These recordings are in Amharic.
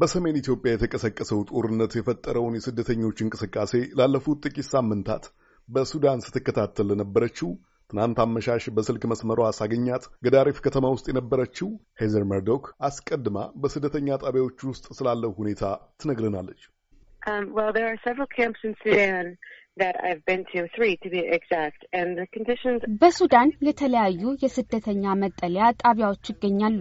በሰሜን ኢትዮጵያ የተቀሰቀሰው ጦርነት የፈጠረውን የስደተኞች እንቅስቃሴ ላለፉት ጥቂት ሳምንታት በሱዳን ስትከታተል ለነበረችው ትናንት አመሻሽ በስልክ መስመሯ ሳገኛት ገዳሪፍ ከተማ ውስጥ የነበረችው ሄዘር መርዶክ አስቀድማ በስደተኛ ጣቢያዎች ውስጥ ስላለው ሁኔታ ትነግረናለች። um, በሱዳን የተለያዩ የስደተኛ መጠለያ ጣቢያዎች ይገኛሉ።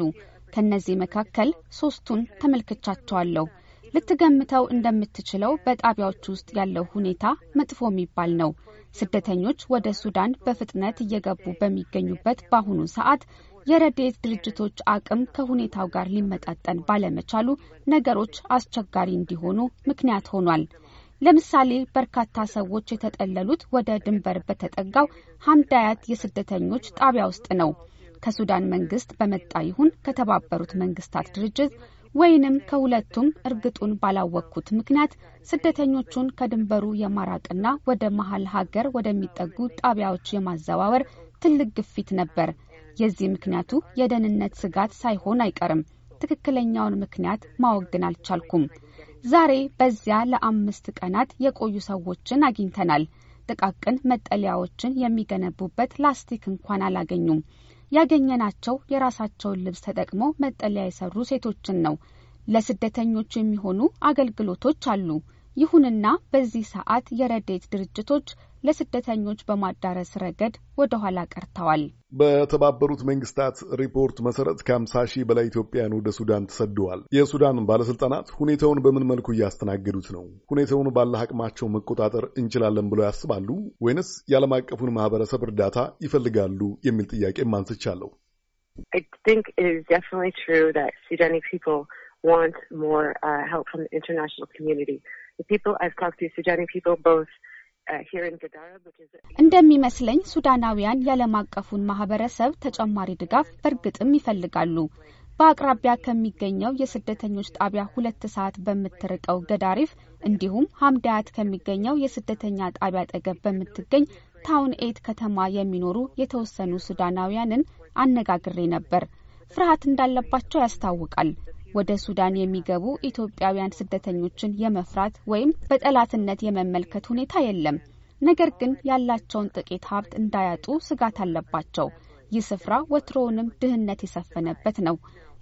ከእነዚህ መካከል ሶስቱን ተመልክቻቸዋለሁ። ልትገምተው እንደምትችለው በጣቢያዎች ውስጥ ያለው ሁኔታ መጥፎ የሚባል ነው። ስደተኞች ወደ ሱዳን በፍጥነት እየገቡ በሚገኙበት በአሁኑ ሰዓት የረድኤት ድርጅቶች አቅም ከሁኔታው ጋር ሊመጣጠን ባለመቻሉ ነገሮች አስቸጋሪ እንዲሆኑ ምክንያት ሆኗል። ለምሳሌ በርካታ ሰዎች የተጠለሉት ወደ ድንበር በተጠጋው ሀምዳያት የስደተኞች ጣቢያ ውስጥ ነው። ከሱዳን መንግስት በመጣ ይሁን ከተባበሩት መንግስታት ድርጅት ወይንም ከሁለቱም እርግጡን ባላወቅኩት ምክንያት ስደተኞቹን ከድንበሩ የማራቅና ወደ መሀል ሀገር ወደሚጠጉ ጣቢያዎች የማዘዋወር ትልቅ ግፊት ነበር። የዚህ ምክንያቱ የደህንነት ስጋት ሳይሆን አይቀርም። ትክክለኛውን ምክንያት ማወቅ ግን አልቻልኩም። ዛሬ በዚያ ለአምስት ቀናት የቆዩ ሰዎችን አግኝተናል። ጥቃቅን መጠለያዎችን የሚገነቡበት ላስቲክ እንኳን አላገኙም። ያገኘናቸው የራሳቸውን ልብስ ተጠቅመው መጠለያ የሰሩ ሴቶችን ነው። ለስደተኞች የሚሆኑ አገልግሎቶች አሉ። ይሁንና በዚህ ሰዓት የረዴት ድርጅቶች ለስደተኞች በማዳረስ ረገድ ወደ ኋላ ቀርተዋል። በተባበሩት መንግስታት ሪፖርት መሰረት ከ50 ሺህ በላይ ኢትዮጵያውያን ወደ ሱዳን ተሰደዋል። የሱዳን ባለስልጣናት ሁኔታውን በምን መልኩ እያስተናገዱት ነው? ሁኔታውን ባለ አቅማቸው መቆጣጠር እንችላለን ብለው ያስባሉ ወይንስ የዓለም አቀፉን ማህበረሰብ እርዳታ ይፈልጋሉ? የሚል ጥያቄ አንስቻለሁ። ሱዳኒ Uh, እንደሚመስለኝ ሱዳናውያን የዓለም አቀፉን ማህበረሰብ ተጨማሪ ድጋፍ በእርግጥም ይፈልጋሉ። በአቅራቢያ ከሚገኘው የስደተኞች ጣቢያ ሁለት ሰዓት በምትርቀው ገዳሪፍ እንዲሁም ሀምዳያት ከሚገኘው የስደተኛ ጣቢያ አጠገብ በምትገኝ ታውን ኤት ከተማ የሚኖሩ የተወሰኑ ሱዳናውያንን አነጋግሬ ነበር። ፍርሃት እንዳለባቸው ያስታውቃል። ወደ ሱዳን የሚገቡ ኢትዮጵያውያን ስደተኞችን የመፍራት ወይም በጠላትነት የመመልከት ሁኔታ የለም። ነገር ግን ያላቸውን ጥቂት ሀብት እንዳያጡ ስጋት አለባቸው። ይህ ስፍራ ወትሮውንም ድህነት የሰፈነበት ነው።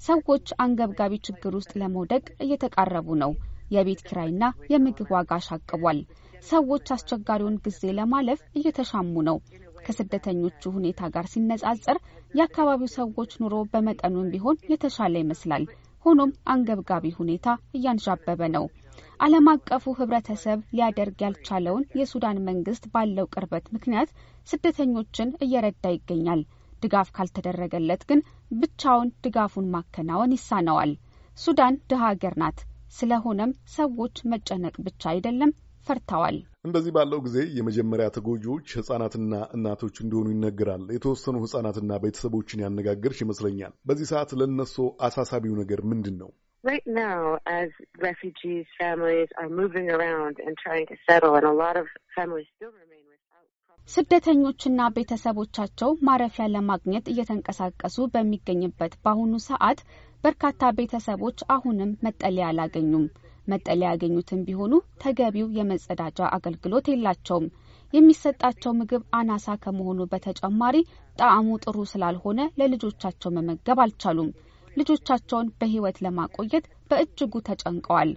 ሰዎች አንገብጋቢ ችግር ውስጥ ለመውደቅ እየተቃረቡ ነው። የቤት ኪራይና የምግብ ዋጋ አሻቅቧል። ሰዎች አስቸጋሪውን ጊዜ ለማለፍ እየተሻሙ ነው። ከስደተኞቹ ሁኔታ ጋር ሲነጻጸር የአካባቢው ሰዎች ኑሮ በመጠኑም ቢሆን የተሻለ ይመስላል። ሆኖም አንገብጋቢ ሁኔታ እያንዣበበ ነው። ዓለም አቀፉ ህብረተሰብ ሊያደርግ ያልቻለውን የሱዳን መንግስት ባለው ቅርበት ምክንያት ስደተኞችን እየረዳ ይገኛል። ድጋፍ ካልተደረገለት ግን ብቻውን ድጋፉን ማከናወን ይሳነዋል። ሱዳን ድሃ ሀገር ናት። ስለሆነም ሰዎች መጨነቅ ብቻ አይደለም፣ ፈርተዋል። እንደዚህ ባለው ጊዜ የመጀመሪያ ተጎጂዎች ህጻናትና እናቶች እንዲሆኑ ይነገራል። የተወሰኑ ህጻናትና ቤተሰቦችን ያነጋገርሽ ይመስለኛል። በዚህ ሰዓት ለነሱ አሳሳቢው ነገር ምንድን ነው? Right now, as refugees, families are moving around and trying to settle, and a lot of families still remain ስደተኞችና ቤተሰቦቻቸው ማረፊያ ለማግኘት እየተንቀሳቀሱ በሚገኝበት በአሁኑ ሰዓት በርካታ ቤተሰቦች አሁንም መጠለያ አላገኙም። መጠለያ ያገኙትን ቢሆኑ ተገቢው የመጸዳጃ አገልግሎት የላቸውም። የሚሰጣቸው ምግብ አናሳ ከመሆኑ በተጨማሪ ጣዕሙ ጥሩ ስላልሆነ ለልጆቻቸው መመገብ አልቻሉም። ልጆቻቸውን በሕይወት ለማቆየት በእጅጉ ተጨንቀዋል።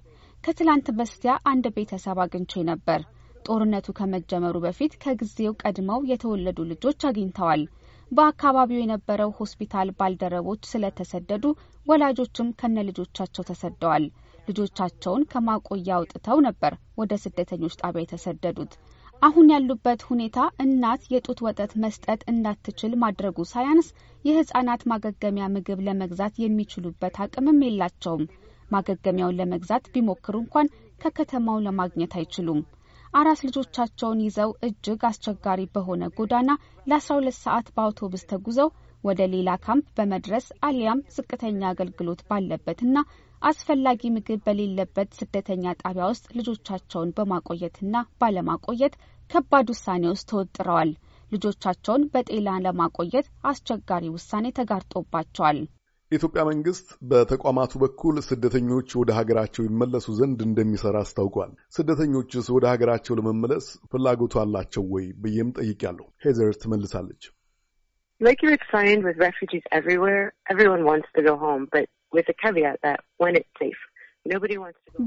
ከትላንት በስቲያ አንድ ቤተሰብ አግኝቼ ነበር። ጦርነቱ ከመጀመሩ በፊት ከጊዜው ቀድመው የተወለዱ ልጆች አግኝተዋል። በአካባቢው የነበረው ሆስፒታል ባልደረቦች ስለተሰደዱ ወላጆችም ከነ ልጆቻቸው ተሰደዋል። ልጆቻቸውን ከማቆያ አውጥተው ነበር ወደ ስደተኞች ጣቢያ የተሰደዱት። አሁን ያሉበት ሁኔታ እናት የጡት ወተት መስጠት እንዳትችል ማድረጉ ሳያንስ የህጻናት ማገገሚያ ምግብ ለመግዛት የሚችሉበት አቅምም የላቸውም። ማገገሚያውን ለመግዛት ቢሞክሩ እንኳን ከከተማው ለማግኘት አይችሉም። አራስ ልጆቻቸውን ይዘው እጅግ አስቸጋሪ በሆነ ጎዳና ለ12 ሰዓት በአውቶቡስ ተጉዘው ወደ ሌላ ካምፕ በመድረስ አሊያም ዝቅተኛ አገልግሎት ባለበትና አስፈላጊ ምግብ በሌለበት ስደተኛ ጣቢያ ውስጥ ልጆቻቸውን በማቆየትና ባለማቆየት ከባድ ውሳኔ ውስጥ ተወጥረዋል። ልጆቻቸውን በጤና ለማቆየት አስቸጋሪ ውሳኔ ተጋርጦባቸዋል። የኢትዮጵያ መንግስት በተቋማቱ በኩል ስደተኞች ወደ ሀገራቸው ይመለሱ ዘንድ እንደሚሰራ አስታውቋል። ስደተኞችስ ወደ ሀገራቸው ለመመለስ ፍላጎቱ አላቸው ወይ ብዬም ጠይቄያለሁ። ሄዘር ትመልሳለች። Like you explained with refugees everywhere, everyone wants to go home, but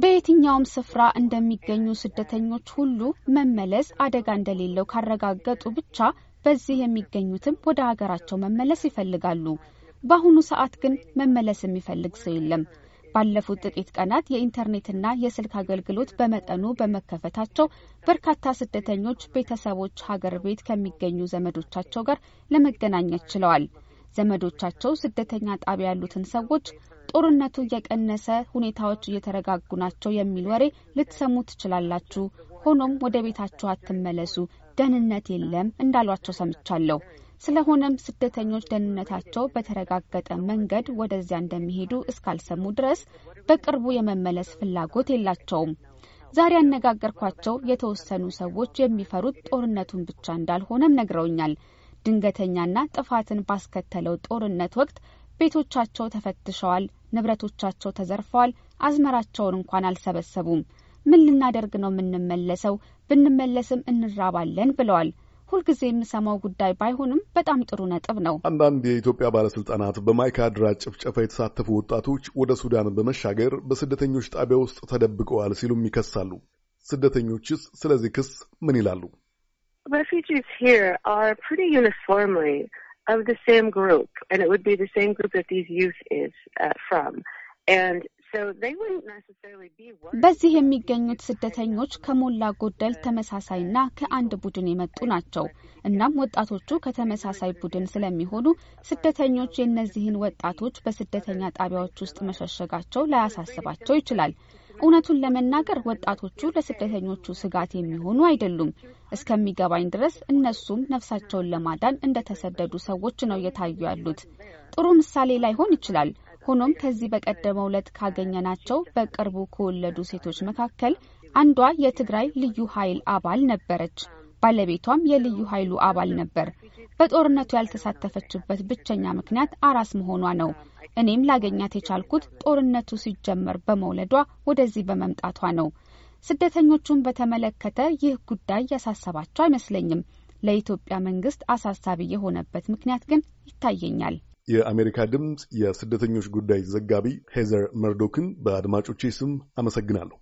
በየትኛውም ስፍራ እንደሚገኙ ስደተኞች ሁሉ መመለስ አደጋ እንደሌለው ካረጋገጡ ብቻ በዚህ የሚገኙትም ወደ ሀገራቸው መመለስ ይፈልጋሉ። በአሁኑ ሰዓት ግን መመለስ የሚፈልግ ሰው የለም። ባለፉት ጥቂት ቀናት የኢንተርኔትና የስልክ አገልግሎት በመጠኑ በመከፈታቸው በርካታ ስደተኞች ቤተሰቦች ሀገር ቤት ከሚገኙ ዘመዶቻቸው ጋር ለመገናኘት ችለዋል። ዘመዶቻቸው ስደተኛ ጣቢያ ያሉትን ሰዎች ጦርነቱ እየቀነሰ ሁኔታዎች እየተረጋጉ ናቸው የሚል ወሬ ልትሰሙ ትችላላችሁ። ሆኖም ወደ ቤታችሁ አትመለሱ፣ ደህንነት የለም እንዳሏቸው ሰምቻለሁ። ስለሆነም ስደተኞች ደህንነታቸው በተረጋገጠ መንገድ ወደዚያ እንደሚሄዱ እስካልሰሙ ድረስ በቅርቡ የመመለስ ፍላጎት የላቸውም። ዛሬ ያነጋገርኳቸው የተወሰኑ ሰዎች የሚፈሩት ጦርነቱን ብቻ እንዳልሆነም ነግረውኛል። ድንገተኛና ጥፋትን ባስከተለው ጦርነት ወቅት ቤቶቻቸው ተፈትሸዋል፣ ንብረቶቻቸው ተዘርፈዋል፣ አዝመራቸውን እንኳን አልሰበሰቡም። ምን ልናደርግ ነው የምንመለሰው? ብንመለስም እንራባለን ብለዋል። ሁልጊዜ የምሰማው ጉዳይ ባይሆንም በጣም ጥሩ ነጥብ ነው። አንዳንድ የኢትዮጵያ ባለስልጣናት በማይካድራ ጭፍጨፋ የተሳተፉ ወጣቶች ወደ ሱዳን በመሻገር በስደተኞች ጣቢያ ውስጥ ተደብቀዋል ሲሉም ይከሳሉ። ስደተኞችስ ስለዚህ ክስ ምን ይላሉ? of the same group, and it would be the same group that these youth is uh, from. And በዚህ የሚገኙት ስደተኞች ከሞላ ጎደል uh, ተመሳሳይና uh, ከአንድ ቡድን የመጡ uh, ናቸው። እናም ወጣቶቹ ከተመሳሳይ ቡድን ስለሚሆኑ ስደተኞች የእነዚህን ወጣቶች በስደተኛ ጣቢያዎች ውስጥ መሸሸጋቸው ላያሳስባቸው ይችላል። እውነቱን ለመናገር ወጣቶቹ ለስደተኞቹ ስጋት የሚሆኑ አይደሉም። እስከሚገባኝ ድረስ እነሱም ነፍሳቸውን ለማዳን እንደተሰደዱ ሰዎች ነው እየታዩ ያሉት። ጥሩ ምሳሌ ላይሆን ይችላል። ሆኖም ከዚህ በቀደመው ዕለት ካገኘናቸው በቅርቡ ከወለዱ ሴቶች መካከል አንዷ የትግራይ ልዩ ኃይል አባል ነበረች። ባለቤቷም የልዩ ኃይሉ አባል ነበር። በጦርነቱ ያልተሳተፈችበት ብቸኛ ምክንያት አራስ መሆኗ ነው። እኔም ላገኛት የቻልኩት ጦርነቱ ሲጀመር በመውለዷ ወደዚህ በመምጣቷ ነው። ስደተኞቹን በተመለከተ ይህ ጉዳይ ያሳሰባቸው አይመስለኝም። ለኢትዮጵያ መንግስት አሳሳቢ የሆነበት ምክንያት ግን ይታየኛል። የአሜሪካ ድምፅ የስደተኞች ጉዳይ ዘጋቢ ሄዘር መርዶክን በአድማጮቼ ስም አመሰግናለሁ።